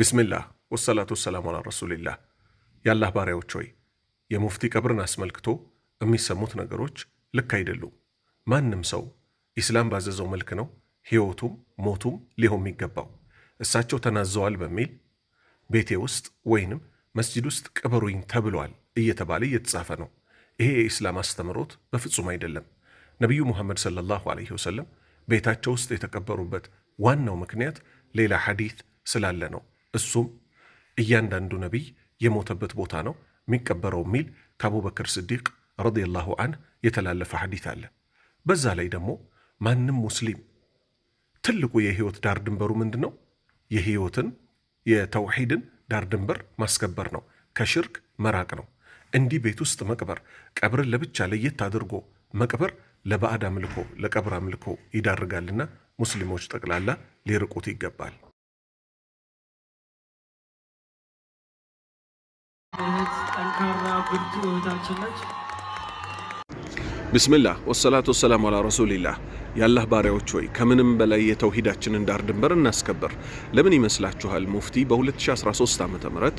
ቢስሚላህ ወሰላቱ ወሰላሙ አላ ረሱሊላህ። የአላህ ባሪያዎች ሆይ የሙፍቲ ቀብርን አስመልክቶ የሚሰሙት ነገሮች ልክ አይደሉም። ማንም ሰው ኢስላም ባዘዘው መልክ ነው ሕይወቱም ሞቱም ሊሆን የሚገባው። እሳቸው ተናዘዋል በሚል ቤቴ ውስጥ ወይንም መስጂድ ውስጥ ቅበሩኝ ተብሏል እየተባለ እየተጻፈ ነው። ይሄ የኢስላም አስተምሮት በፍጹም አይደለም። ነቢዩ ሙሐመድ ሰለላሁ ዐለይሂ ወሰለም ቤታቸው ውስጥ የተቀበሩበት ዋናው ምክንያት ሌላ ሐዲት ስላለ ነው። እሱም እያንዳንዱ ነቢይ የሞተበት ቦታ ነው የሚቀበረው የሚል ከአቡበክር ስዲቅ ረዲየላሁ አንህ የተላለፈ ሐዲት አለ። በዛ ላይ ደግሞ ማንም ሙስሊም ትልቁ የህይወት ዳር ድንበሩ ምንድን ነው? የህይወትን የተውሒድን ዳር ድንበር ማስከበር ነው። ከሽርክ መራቅ ነው። እንዲህ ቤት ውስጥ መቅበር፣ ቀብርን ለብቻ ለየት አድርጎ መቅበር ለባዕድ አምልኮ፣ ለቀብር አምልኮ ይዳርጋልና ሙስሊሞች ጠቅላላ ሊርቁት ይገባል። ጠንካራ ብስምላህ ወሰላት ወሰላሙ አላ ረሱሊላህ። የአላህ ባሪያዎች ሆይ ከምንም በላይ የተውሂዳችንን ዳር ድንበር እናስከብር ለምን ይመስላችኋል? ሙፍቲ በ2013 ዓ ም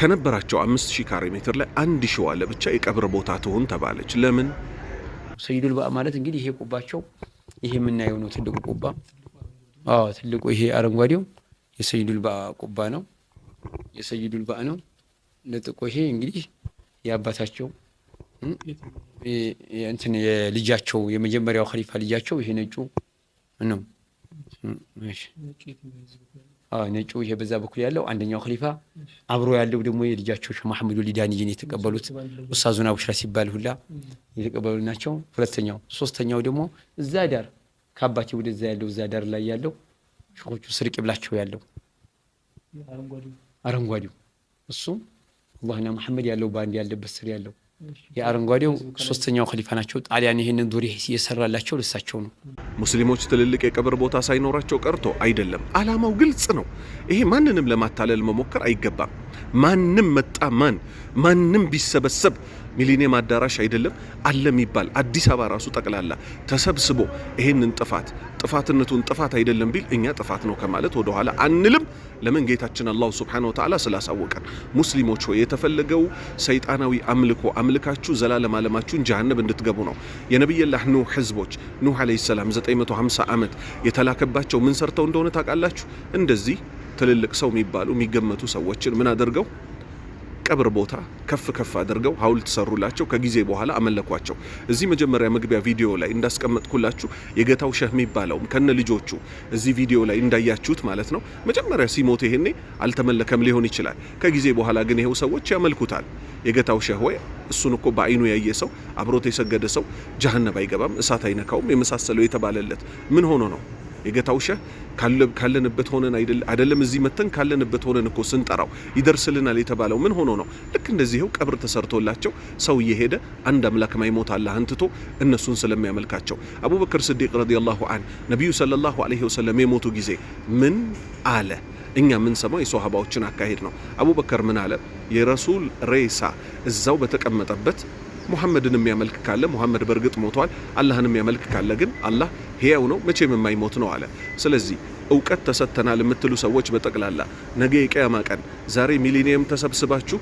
ከነበራቸው 5000 ካሬ ሜትር ላይ አንድ ሺዋ ለብቻ የቀብር ቦታ ትሆን ተባለች። ለምን? ሰይዱል ባእ ማለት እንግዲህ ይሄ ቁባቸው ይሄ የምናየው ነው። ትልቁ ቁባ ትልቁ ይሄ አረንጓዴው የሰይዱል ባእ ቁባ ነው። የሰይዱል ባእ ነው። ይሄ እንግዲህ የአባታቸው እንትን የልጃቸው የመጀመሪያው ከሊፋ ልጃቸው ይሄ ነጩ ነው። ነጩ ይሄ በዛ በኩል ያለው አንደኛው ከሊፋ አብሮ ያለው ደግሞ የልጃቸው ማሐመዱ ሊዳንይን የተቀበሉት ኡስታዙን አቡሽራ ሲባል ሁላ የተቀበሉ ናቸው። ሁለተኛው ሶስተኛው ደግሞ እዛ ዳር ከአባቴ ወደዛ ያለው እዛ ዳር ላይ ያለው ሾኾቹ ስርቅ ብላቸው ያለው አረንጓዴው እሱም አላህና መሐመድ ያለው ባንድ ያለበት ስር ያለው የአረንጓዴው ሶስተኛው ከሊፋ ናቸው። ጣሊያን ይህንን ዱሪ የሰራላቸው ልሳቸው ነው። ሙስሊሞች ትልልቅ የቀብር ቦታ ሳይኖራቸው ቀርቶ አይደለም። አላማው ግልጽ ነው። ይሄ ማንንም ለማታለል መሞከር አይገባም። ማንም መጣ ማን ማንም ቢሰበሰብ ሚሊኒየም አዳራሽ አይደለም አለ የሚባል አዲስ አበባ ራሱ ጠቅላላ ተሰብስቦ ይሄንን ጥፋት ጥፋትነቱን ጥፋት አይደለም ቢል እኛ ጥፋት ነው ከማለት ወደኋላ አንልም። ለምን ጌታችን አላሁ ስብሓነሁ ወተዓላ ስላሳወቀን። ሙስሊሞች ሆይ የተፈለገው ሰይጣናዊ አምልኮ አምልካችሁ ዘላለም አለማችሁን ጀሃነብ እንድትገቡ ነው። የነቢይላህ ኑህ ህዝቦች ኑህ ዓለይሂ ሰላም 950 ዓመት የተላከባቸው ምን ሰርተው እንደሆነ ታውቃላችሁ? እንደዚህ ትልልቅ ሰው የሚባሉ የሚገመቱ ሰዎችን ምን አድርገው ቀብር ቦታ ከፍ ከፍ አድርገው ሐውልት ሰሩላቸው። ከጊዜ በኋላ አመለኳቸው። እዚህ መጀመሪያ መግቢያ ቪዲዮ ላይ እንዳስቀመጥኩላችሁ የገታው ሸህ የሚባለውም ከነ ልጆቹ እዚህ ቪዲዮ ላይ እንዳያችሁት ማለት ነው። መጀመሪያ ሲሞት ይሄኔ አልተመለከም ሊሆን ይችላል። ከጊዜ በኋላ ግን ይሄው ሰዎች ያመልኩታል። የገታው ሸህ ወይ እሱን እኮ በአይኑ ያየ ሰው አብሮት የሰገደ ሰው ጀሀነብ አይገባም፣ እሳት አይነካውም የመሳሰለው የተባለለት ምን ሆኖ ነው? የገታ ውሻ ካለንበት ሆነን አይደለም እዚህ መተን ካለንበት ሆነን እኮ ስንጠራው ይደርስልናል የተባለው ምን ሆኖ ነው? ልክ እንደዚህው ቀብር ተሰርቶላቸው ሰው እየሄደ አንድ አምላክ ማይሞት አላህ አንትቶ እነሱን ስለሚያመልካቸው አቡበክር ስዲቅ ረዲየላሁ አን ነቢዩ ሰለላሁ ዐለይሂ ወሰለም የሞቱ ጊዜ ምን አለ? እኛ ምን ሰማው የሶሃባዎችን አካሄድ ነው። አቡበከር ምን አለ? የረሱል ሬሳ እዛው በተቀመጠበት ሙሐመድን የሚያመልክ ካለ ሙሐመድ በእርግጥ ሞቷል። አላህን የሚያመልክ ካለ ግን አላህ ሕያው ነው መቼም የማይሞት ነው አለ። ስለዚህ እውቀት ተሰጥተናል የምትሉ ሰዎች በጠቅላላ ነገ የቅያማ ቀን ዛሬ ሚሊኒየም ተሰብስባችሁ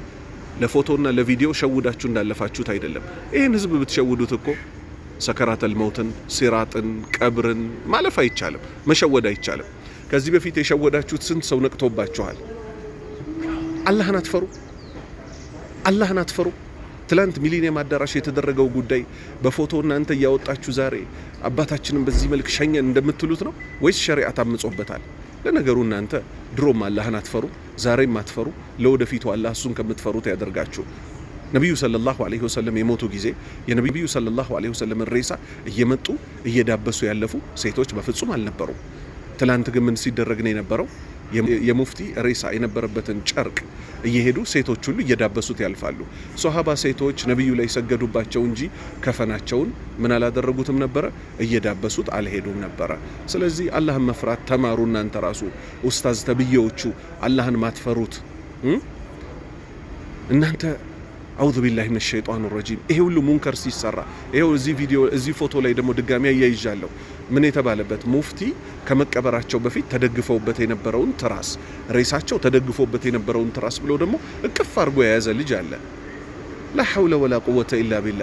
ለፎቶና ለቪዲዮ ሸውዳችሁ እንዳለፋችሁት አይደለም። ይህን ህዝብ ብትሸውዱት እኮ ሰከራተል መውትን፣ ሲራጥን፣ ቀብርን ማለፍ አይቻልም፣ መሸወድ አይቻልም። ከዚህ በፊት የሸወዳችሁት ስንት ሰው ነቅቶባችኋል። አላህን አትፈሩ፣ አላህን አትፈሩ። ትላንት ሚሊኒየም አዳራሽ የተደረገው ጉዳይ በፎቶ እናንተ እያወጣችሁ ዛሬ አባታችንን በዚህ መልክ ሸኘን እንደምትሉት ነው ወይስ ሸሪዓት አምጾበታል። ለነገሩ እናንተ ድሮም አላህን አትፈሩ፣ ዛሬም አትፈሩ። ለወደፊቱ አላህ እሱን ከምትፈሩት ያደርጋችሁ። ነቢዩ ሰለላሁ ዐለይሂ ወሰለም የሞቱ ጊዜ የነቢዩ ሰለላሁ ዐለይሂ ወሰለምን ሬሳ እየመጡ እየዳበሱ ያለፉ ሴቶች በፍጹም አልነበሩም። ትላንት ግን ምን ሲደረግ ነው የነበረው? የሙፍቲ ሬሳ የነበረበትን ጨርቅ እየሄዱ ሴቶች ሁሉ እየዳበሱት ያልፋሉ። ሶሃባ ሴቶች ነቢዩ ላይ ሰገዱባቸው እንጂ ከፈናቸውን ምን አላደረጉትም ነበረ፣ እየዳበሱት አልሄዱም ነበረ። ስለዚህ አላህን መፍራት ተማሩ። እናንተ ራሱ ኡስታዝ ተብዬዎቹ አላህን ማትፈሩት እናንተ አውዙ ቢላህ ምን ሸይጣን ረጂም። ይሄ ሁሉ ሙንከር ሲሰራ ይሄው እዚህ ቪዲዮ እዚህ ፎቶ ላይ ደግሞ ድጋሚ አያይዣለሁ። ምን የተባለበት ሙፍቲ ከመቀበራቸው በፊት ተደግፈውበት የነበረውን ትራስ ሬሳቸው ተደግፎበት የነበረውን ትራስ ብሎ ደግሞ እቅፍ አድርጎ የያዘ ልጅ አለ። ላ ሐውለ ወላ ቁወተ ኢላ ቢላ።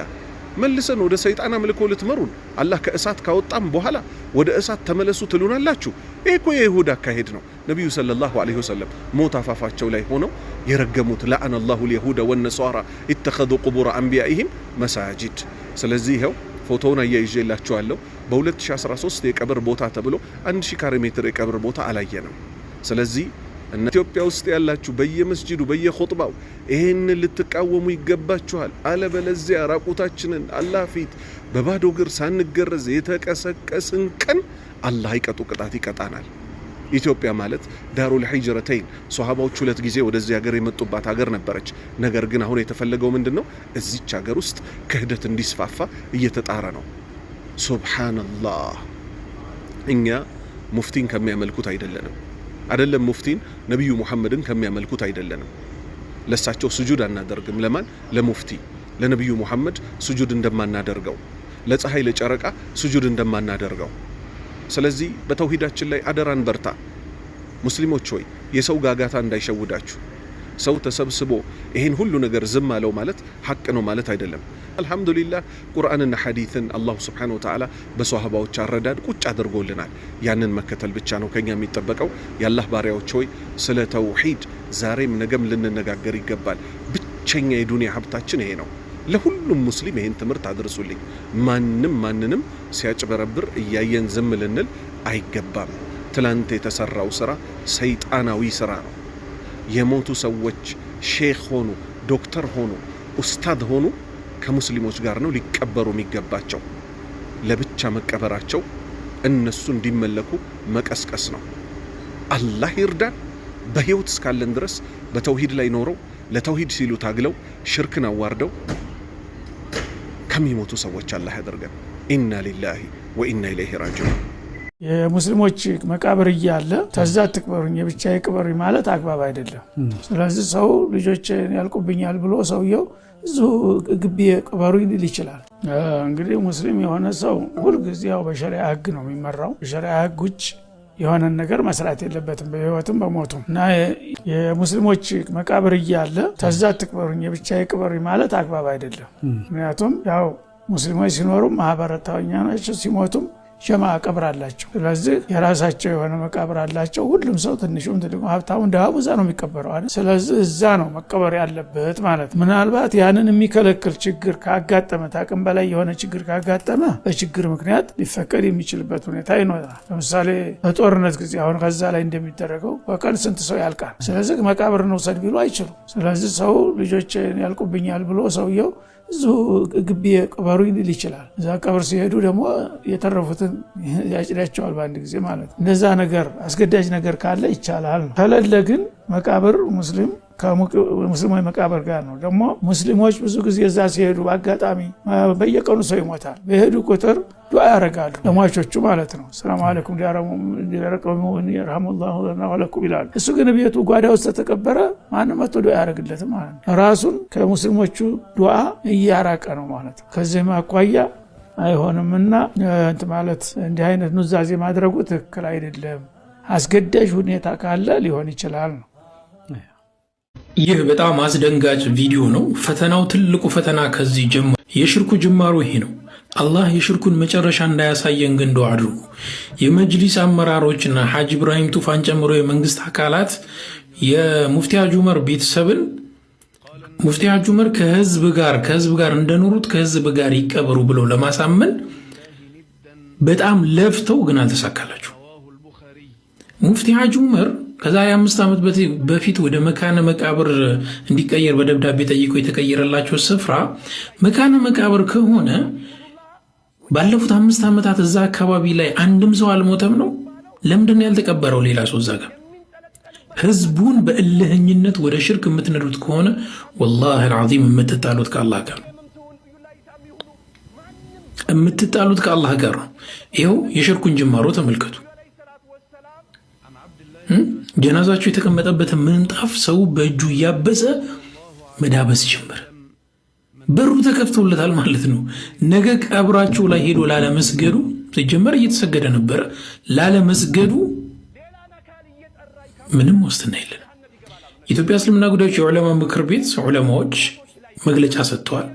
መልሰን ወደ ሰይጣን አምልኮ ልትመሩን አላህ ከእሳት ካወጣም በኋላ ወደ እሳት ተመለሱ ትሉናላችሁ። ይህ እኮ የይሁድ አካሄድ ነው። ነቢዩ ሰለላሁ ዐለይሂ ወሰለም ሞት አፋፋቸው ላይ ሆነው የረገሙት ለአነ ላሁ ልየሁደ ወነሷራ ኢተኸዙ ቁቡር አንቢያኢህም መሳጅድ። ስለዚህ ይኸው ፎቶውን አያይዤላችኋለሁ። በ2013 የቀብር ቦታ ተብሎ 1000 ካሬ ሜትር የቀብር ቦታ አላየንም። ስለዚህ እና ኢትዮጵያ ውስጥ ያላችሁ በየመስጂዱ በየኹጥባው ይሄን ልትቃወሙ ይገባችኋል። አለበለዚያ ራቁታችንን አላህ ፊት በባዶ እግር ሳንገረዝ የተቀሰቀስን ቀን አላህ ይቀጡ ቅጣት ይቀጣናል። ኢትዮጵያ ማለት ዳሩል ሂጅረተይን ሶሃባዎች ሁለት ጊዜ ወደዚህ ሀገር የመጡባት ሀገር ነበረች። ነገር ግን አሁን የተፈለገው ምንድን ነው? እዚች ሀገር ውስጥ ክህደት እንዲስፋፋ እየተጣረ ነው። ሱብሓነላህ እኛ ሙፍቲን ከሚያመልኩት አይደለንም። አይደለም ሙፍቲን ነቢዩ ሙሐመድን ከሚያመልኩት አይደለንም። ለሳቸው ስጁድ አናደርግም። ለማን? ለሙፍቲ ለነቢዩ ሙሐመድ ስጁድ እንደማናደርገው፣ ለፀሐይ ለጨረቃ ስጁድ እንደማናደርገው። ስለዚህ በተውሂዳችን ላይ አደራን በርታ ሙስሊሞች ሆይ የሰው ጋጋታ እንዳይሸውዳችሁ። ሰው ተሰብስቦ ይህን ሁሉ ነገር ዝም አለው ማለት ሐቅ ነው ማለት አይደለም። አልሐምዱሊላህ ቁርአንና ሐዲትን አላሁ ስብሓነ ወተዓላ በሰሃባዎች አረዳድ ቁጭ አድርጎልናል። ያንን መከተል ብቻ ነው ከኛ የሚጠበቀው። የአላህ ባሪያዎች ሆይ ስለ ተውሂድ ዛሬም ነገም ልንነጋገር ይገባል። ብቸኛ የዱንያ ሀብታችን ይሄ ነው። ለሁሉም ሙስሊም ይህን ትምህርት አድርሱልኝ። ማንም ማንንም ሲያጭበረብር እያየን ዝም ልንል አይገባም። ትላንት የተሰራው ስራ ሰይጣናዊ ስራ ነው። የሞቱ ሰዎች ሼክ ሆኑ፣ ዶክተር ሆኑ፣ ኡስታድ ሆኑ ከሙስሊሞች ጋር ነው ሊቀበሩ የሚገባቸው። ለብቻ መቀበራቸው እነሱ እንዲመለኩ መቀስቀስ ነው። አላህ ይርዳን። በህይወት እስካለን ድረስ በተውሂድ ላይ ኖረው ለተውሂድ ሲሉ ታግለው ሽርክን አዋርደው ከሚሞቱ ሰዎች አላህ ያደርገን። ኢና ሊላሂ ወኢና ኢለይሂ ራጅዑን። የሙስሊሞች መቃብር እያለ ተዛ ትቅበሩኝ የብቻ ቅበሩኝ ማለት አግባብ አይደለም። ስለዚህ ሰው ልጆችን ያልቁብኛል ብሎ ሰውየው እዚሁ ግቢ ቅበሩ ሊል ይችላል። እንግዲህ ሙስሊም የሆነ ሰው ሁልጊዜ ያው በሸሪያ ህግ ነው የሚመራው። በሸሪያ ህግ ውጭ የሆነን ነገር መስራት የለበትም በህይወትም በሞቱም እና የሙስሊሞች መቃብር እያለ ተዛ ትቅበሩኝ የብቻ ቅበሩኝ ማለት አግባብ አይደለም። ምክንያቱም ያው ሙስሊሞች ሲኖሩም ማህበረታዊኛ ናቸው፣ ሲሞቱም ሸማ ቀብር አላቸው። ስለዚህ የራሳቸው የሆነ መቃብር አላቸው። ሁሉም ሰው ትንሹም፣ ትልቁ፣ ሀብታሙም ድሃውም እዛ ነው የሚቀበረው አለ። ስለዚህ እዛ ነው መቀበር ያለበት ማለት ነው። ምናልባት ያንን የሚከለክል ችግር ካጋጠመ፣ ታቅም በላይ የሆነ ችግር ካጋጠመ በችግር ምክንያት ሊፈቀድ የሚችልበት ሁኔታ ይኖራል። ለምሳሌ በጦርነት ጊዜ አሁን ከዛ ላይ እንደሚደረገው በቀን ስንት ሰው ያልቃል። ስለዚህ መቃብር ነው ውሰድ ቢሉ አይችሉም። ስለዚህ ሰው ልጆች ያልቁብኛል ብሎ ሰውየው እዙ ግቢ ቅበሩ ሊል ይችላል። እዛ ቀብር ሲሄዱ ደግሞ የተረፉትን ያጭዳቸዋል በአንድ ጊዜ ማለት ነው። እንደዛ ነገር አስገዳጅ ነገር ካለ ይቻላል ነው። ከሌለ ግን መቃብር ሙስሊም ከሙስሊሞች መቃብር ጋር ነው። ደግሞ ሙስሊሞች ብዙ ጊዜ እዛ ሲሄዱ በአጋጣሚ በየቀኑ ሰው ይሞታል። በሄዱ ቁጥር ዱዓ ያደርጋሉ፣ ለሟቾቹ ማለት ነው። ሰላም አለይኩም ዲያረቀሙን የርሐሙላሁ ለኩም ይላሉ። እሱ ግን ቤቱ ጓዳ ውስጥ ተተቀበረ፣ ማንም መጥቶ ዱዓ ያደርግለትም ማለት ነው። ራሱን ከሙስሊሞቹ ዱዓ እያራቀ ነው ማለት ነው። ከዚህም አኳያ አይሆንምና ማለት እንዲህ አይነት ኑዛዜ ማድረጉ ትክክል አይደለም። አስገዳጅ ሁኔታ ካለ ሊሆን ይችላል ነው ይህ በጣም አስደንጋጭ ቪዲዮ ነው። ፈተናው ትልቁ ፈተና ከዚህ ጀ የሽርኩ ጅማሮ ይሄ ነው። አላህ የሽርኩን መጨረሻ እንዳያሳየን ግን ዱዓ አድርጉ። የመጅሊስ አመራሮችና ሐጅ ኢብራሂም ቱፋን ጨምሮ የመንግስት አካላት የሙፍቲ ሐጂ ዑመር ቤተሰብን ሙፍቲ ሐጂ ዑመር ከህዝብ ጋር ከህዝብ ጋር እንደኖሩት ከህዝብ ጋር ይቀበሩ ብለው ለማሳመን በጣም ለፍተው ግን አልተሳካላቸው ሙፍቲ ሐጂ ዑመር ከዛሬ አምስት ዓመት በፊት ወደ መካነ መቃብር እንዲቀየር በደብዳቤ ጠይቆ የተቀየረላቸው ስፍራ መካነ መቃብር ከሆነ ባለፉት አምስት ዓመታት እዛ አካባቢ ላይ አንድም ሰው አልሞተም ነው። ለምንድን ያልተቀበረው? ሌላ ሰው እዛ ጋር ህዝቡን በእልህኝነት ወደ ሽርክ የምትነዱት ከሆነ ወላሂ አልዓዚም የምትጣሉት ከአላህ ጋር የምትጣሉት ከአላህ ጋር ነው። ይኸው የሽርኩን ጅማሮ ተመልከቱ። ጀናዛቸው የተቀመጠበትን ምንጣፍ ሰው በእጁ እያበሰ መዳበስ ጀመረ። በሩ ተከፍቶለታል ማለት ነው። ነገ ቀብራቸው ላይ ሄዶ ላለመስገዱ ሲጀመር እየተሰገደ ነበረ። ላለመስገዱ ምንም ዋስትና የለንም። የኢትዮጵያ እስልምና ጉዳዮች የዑለማ ምክር ቤት ዑለማዎች መግለጫ ሰጥተዋል።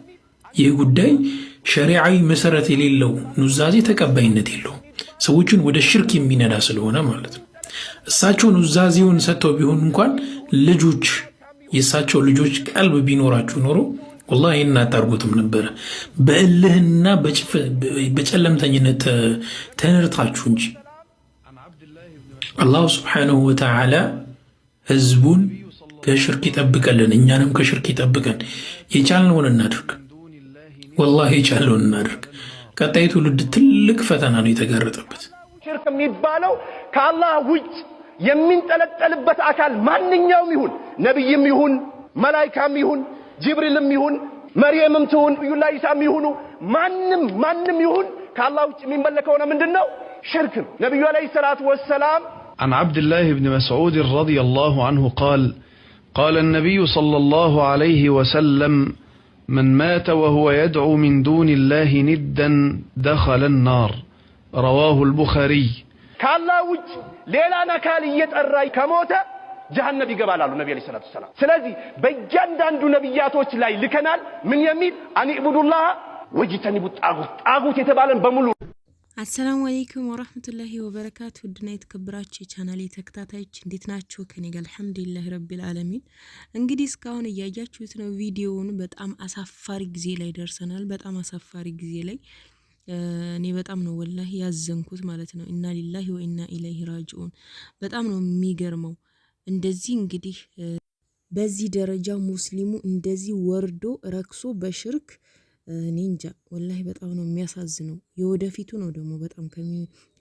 ይህ ጉዳይ ሸሪዓዊ መሰረት የሌለው ኑዛዜ ተቀባይነት የለውም። ሰዎችን ወደ ሽርክ የሚነዳ ስለሆነ ማለት ነው። እሳቸውን ውዛዜውን ሰጥተው ቢሆን እንኳን ልጆች የእሳቸው ልጆች ቀልብ ቢኖራችሁ ኖሮ ወላሂ ይህን አታርጉትም ነበረ። በእልህና በጨለምተኝነት ተንርታችሁ እንጂ አላሁ ስብሓነሁ ወተዓላ ህዝቡን ከሽርክ ይጠብቀልን፣ እኛንም ከሽርክ ይጠብቀን። የቻልነውን እናድርግ፣ ወላሂ የቻልነውን እናድርግ። ቀጣይ ትውልድ ትልቅ ፈተና ነው የተጋረጠበት። ሽርክ የሚባለው ከአላህ ውጭ የሚንጠለጠልበት አካል ማንኛውም ይሁን ነቢይም ይሁን መላይካም ይሁን ጅብሪልም ይሁን መርየምም ትሁን እዩላ ኢሳም ይሁኑ ማንም ማንም ይሁን ከአላህ ውጭ የሚመለክ ከሆነ ምንድን ነው ሽርክ ነው ነቢዩ አለይሂ ሰላቱ ወሰላም عن عبد الله بن مسعود رضي الله عنه قال قال النبي صلى الله عليه وسلم من مات وهو يدعو من دون الله ندا دخل النار ረዋሁ አልቡኻሪ ከአላህ ውጭ ሌላን አካል እየጠራ ከሞተ ጀሃነም ይገባል አሉ ነቢ ዓለይሂ ሰላቱ ወሰላም። ስለዚህ በእያንዳንዱ ነቢያቶች ላይ ልከናል። ምን የሚል አኒዕቡዱላህ ወጅተኒቡ ጣጉት ጣጉት የተባለን በሙሉ። አሰላሙ አሌይኩም ወራህመቱላሂ ወበረካቱ። ውድና የተከበራችሁ የቻናሌ ተከታታዮች እንዴት ናችሁ? ከኔ ጋር አልሐምዱሊላህ ረቢል አለሚን። እንግዲህ እስካሁን እያያችሁት ነው ቪዲዮውን። በጣም አሳፋሪ ጊዜ ላይ ደርሰናል። በጣም አሳፋሪ ጊዜ ላይ እኔ በጣም ነው ወላሂ ያዘንኩት ማለት ነው። ኢና ሊላሂ ወኢና ኢለይሂ ራጅኡን። በጣም ነው የሚገርመው። እንደዚህ እንግዲህ በዚህ ደረጃ ሙስሊሙ እንደዚህ ወርዶ ረክሶ በሽርክ እኔ እንጃ ወላሂ በጣም ነው የሚያሳዝነው። የወደፊቱ ነው ደግሞ በጣም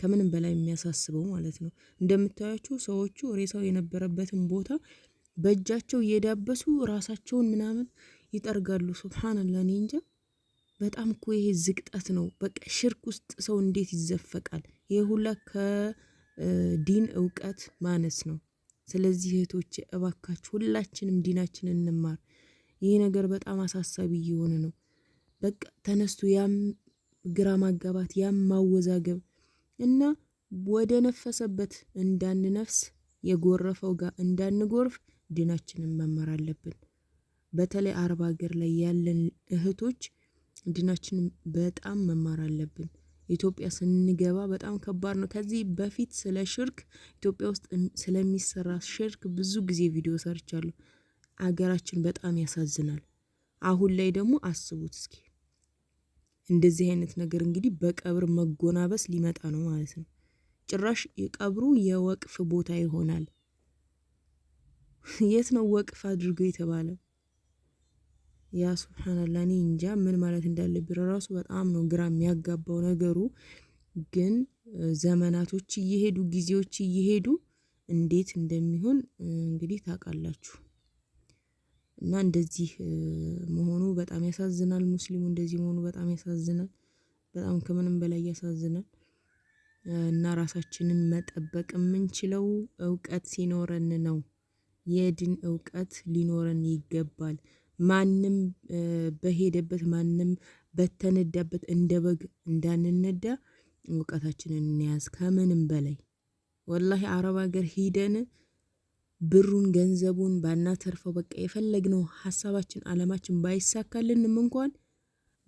ከምንም በላይ የሚያሳስበው ማለት ነው። እንደምታያቸው ሰዎቹ ሬሳው የነበረበትን ቦታ በእጃቸው እየዳበሱ ራሳቸውን ምናምን ይጠርጋሉ። ሱብሃንላ እኔ እንጃ በጣም እኮ ይሄ ዝቅጠት ነው። በቃ ሽርክ ውስጥ ሰው እንዴት ይዘፈቃል? ይሄ ሁላ ከዲን እውቀት ማነስ ነው። ስለዚህ እህቶቼ እባካችሁ ሁላችንም ዲናችን እንማር። ይህ ነገር በጣም አሳሳቢ እየሆነ ነው። በቃ ተነስቶ ያም ግራ ማጋባት፣ ያም ማወዛገብ እና ወደ ነፈሰበት እንዳንነፍስ የጎረፈው ጋር እንዳንጎርፍ ዲናችንን መማር አለብን። በተለይ አረብ ሀገር ላይ ያለን እህቶች ዲናችን በጣም መማር አለብን። ኢትዮጵያ ስንገባ በጣም ከባድ ነው። ከዚህ በፊት ስለ ሽርክ ኢትዮጵያ ውስጥ ስለሚሰራ ሽርክ ብዙ ጊዜ ቪዲዮ ሰርቻለሁ። አገራችን በጣም ያሳዝናል። አሁን ላይ ደግሞ አስቡት እስኪ እንደዚህ አይነት ነገር እንግዲህ በቀብር መጎናበስ ሊመጣ ነው ማለት ነው። ጭራሽ የቀብሩ የወቅፍ ቦታ ይሆናል። የት ነው ወቅፍ አድርገው የተባለው? ያ ስብሓንላ እኔ እንጃ ምን ማለት እንዳለብኝ ራሱ በጣም ነው ግራ የሚያጋባው ነገሩ። ግን ዘመናቶች እየሄዱ ጊዜዎች እየሄዱ እንዴት እንደሚሆን እንግዲህ ታውቃላችሁ። እና እንደዚህ መሆኑ በጣም ያሳዝናል። ሙስሊሙ እንደዚህ መሆኑ በጣም ያሳዝናል። በጣም ከምንም በላይ ያሳዝናል። እና ራሳችንን መጠበቅ የምንችለው እውቀት ሲኖረን ነው። የድን እውቀት ሊኖረን ይገባል። ማንም በሄደበት ማንም በተነዳበት እንደ በግ እንዳንነዳ እውቀታችንን እንያዝ። ከምንም በላይ ወላሂ አረብ ሀገር ሂደን ብሩን ገንዘቡን ባናተርፈው በቃ የፈለግነው ሀሳባችን አለማችን ባይሳካልንም እንኳን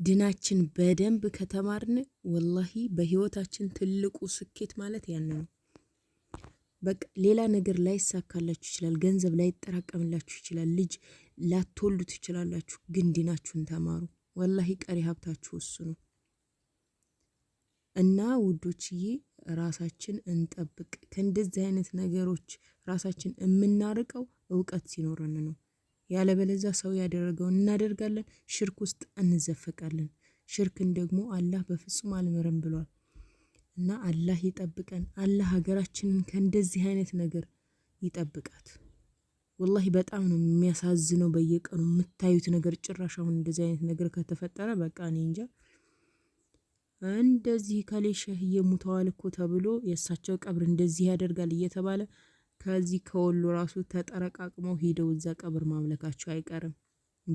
ድናችን በደንብ ከተማርን ወላሂ በህይወታችን ትልቁ ስኬት ማለት ያን ነው። በቃ ሌላ ነገር ላይሳካላችሁ ይችላል። ገንዘብ ላይጠራቀምላችሁ ይችላል። ልጅ ላትወሉ ትችላላችሁ፣ ግን ዲናችሁን ተማሩ። ወላሂ ቀሪ ሀብታችሁ እሱ ነው እና ውዶችዬ ራሳችን እንጠብቅ። ከእንደዚህ አይነት ነገሮች ራሳችን የምናርቀው እውቀት ሲኖረን ነው። ያለበለዛ ሰው ያደረገውን እናደርጋለን፣ ሽርክ ውስጥ እንዘፈቃለን። ሽርክን ደግሞ አላህ በፍጹም አልምርም ብሏል እና አላህ ይጠብቀን። አላህ ሀገራችንን ከእንደዚህ አይነት ነገር ይጠብቃት። ወላሂ በጣም ነው የሚያሳዝነው። በየቀኑ የምታዩት ነገር ጭራሽ አሁን እንደዚህ አይነት ነገር ከተፈጠረ በቃ እኔ እንጃ። እንደዚህ ከሌ ሸህዬ ሙተዋል እኮ ተብሎ የእሳቸው ቀብር እንደዚህ ያደርጋል እየተባለ ከዚህ ከወሎ ራሱ ተጠረቃቅመው ሄደው እዛ ቀብር ማምለካቸው አይቀርም።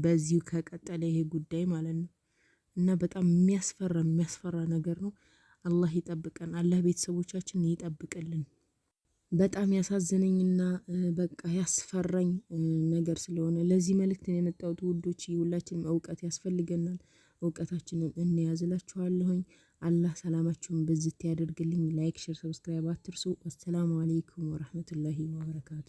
በዚሁ ከቀጠለ ይሄ ጉዳይ ማለት ነው እና በጣም የሚያስፈራ የሚያስፈራ ነገር ነው። አላህ ይጠብቀን። አላህ ቤተሰቦቻችን ይጠብቅልን። በጣም ያሳዘነኝና በቃ ያስፈራኝ ነገር ስለሆነ ለዚህ መልእክት ነው የመጣሁት። ውዶች ሁላችንም እውቀት ያስፈልገናል። እውቀታችንን እንያዝላችኋለሁኝ። አላህ ሰላማችሁን ብዝት ያደርግልኝ። ላይክ፣ ሼር፣ ሰብስክራይብ አትርሱ። አሰላሙ አሌይኩም ወረህመቱላሂ ወበረካቱ።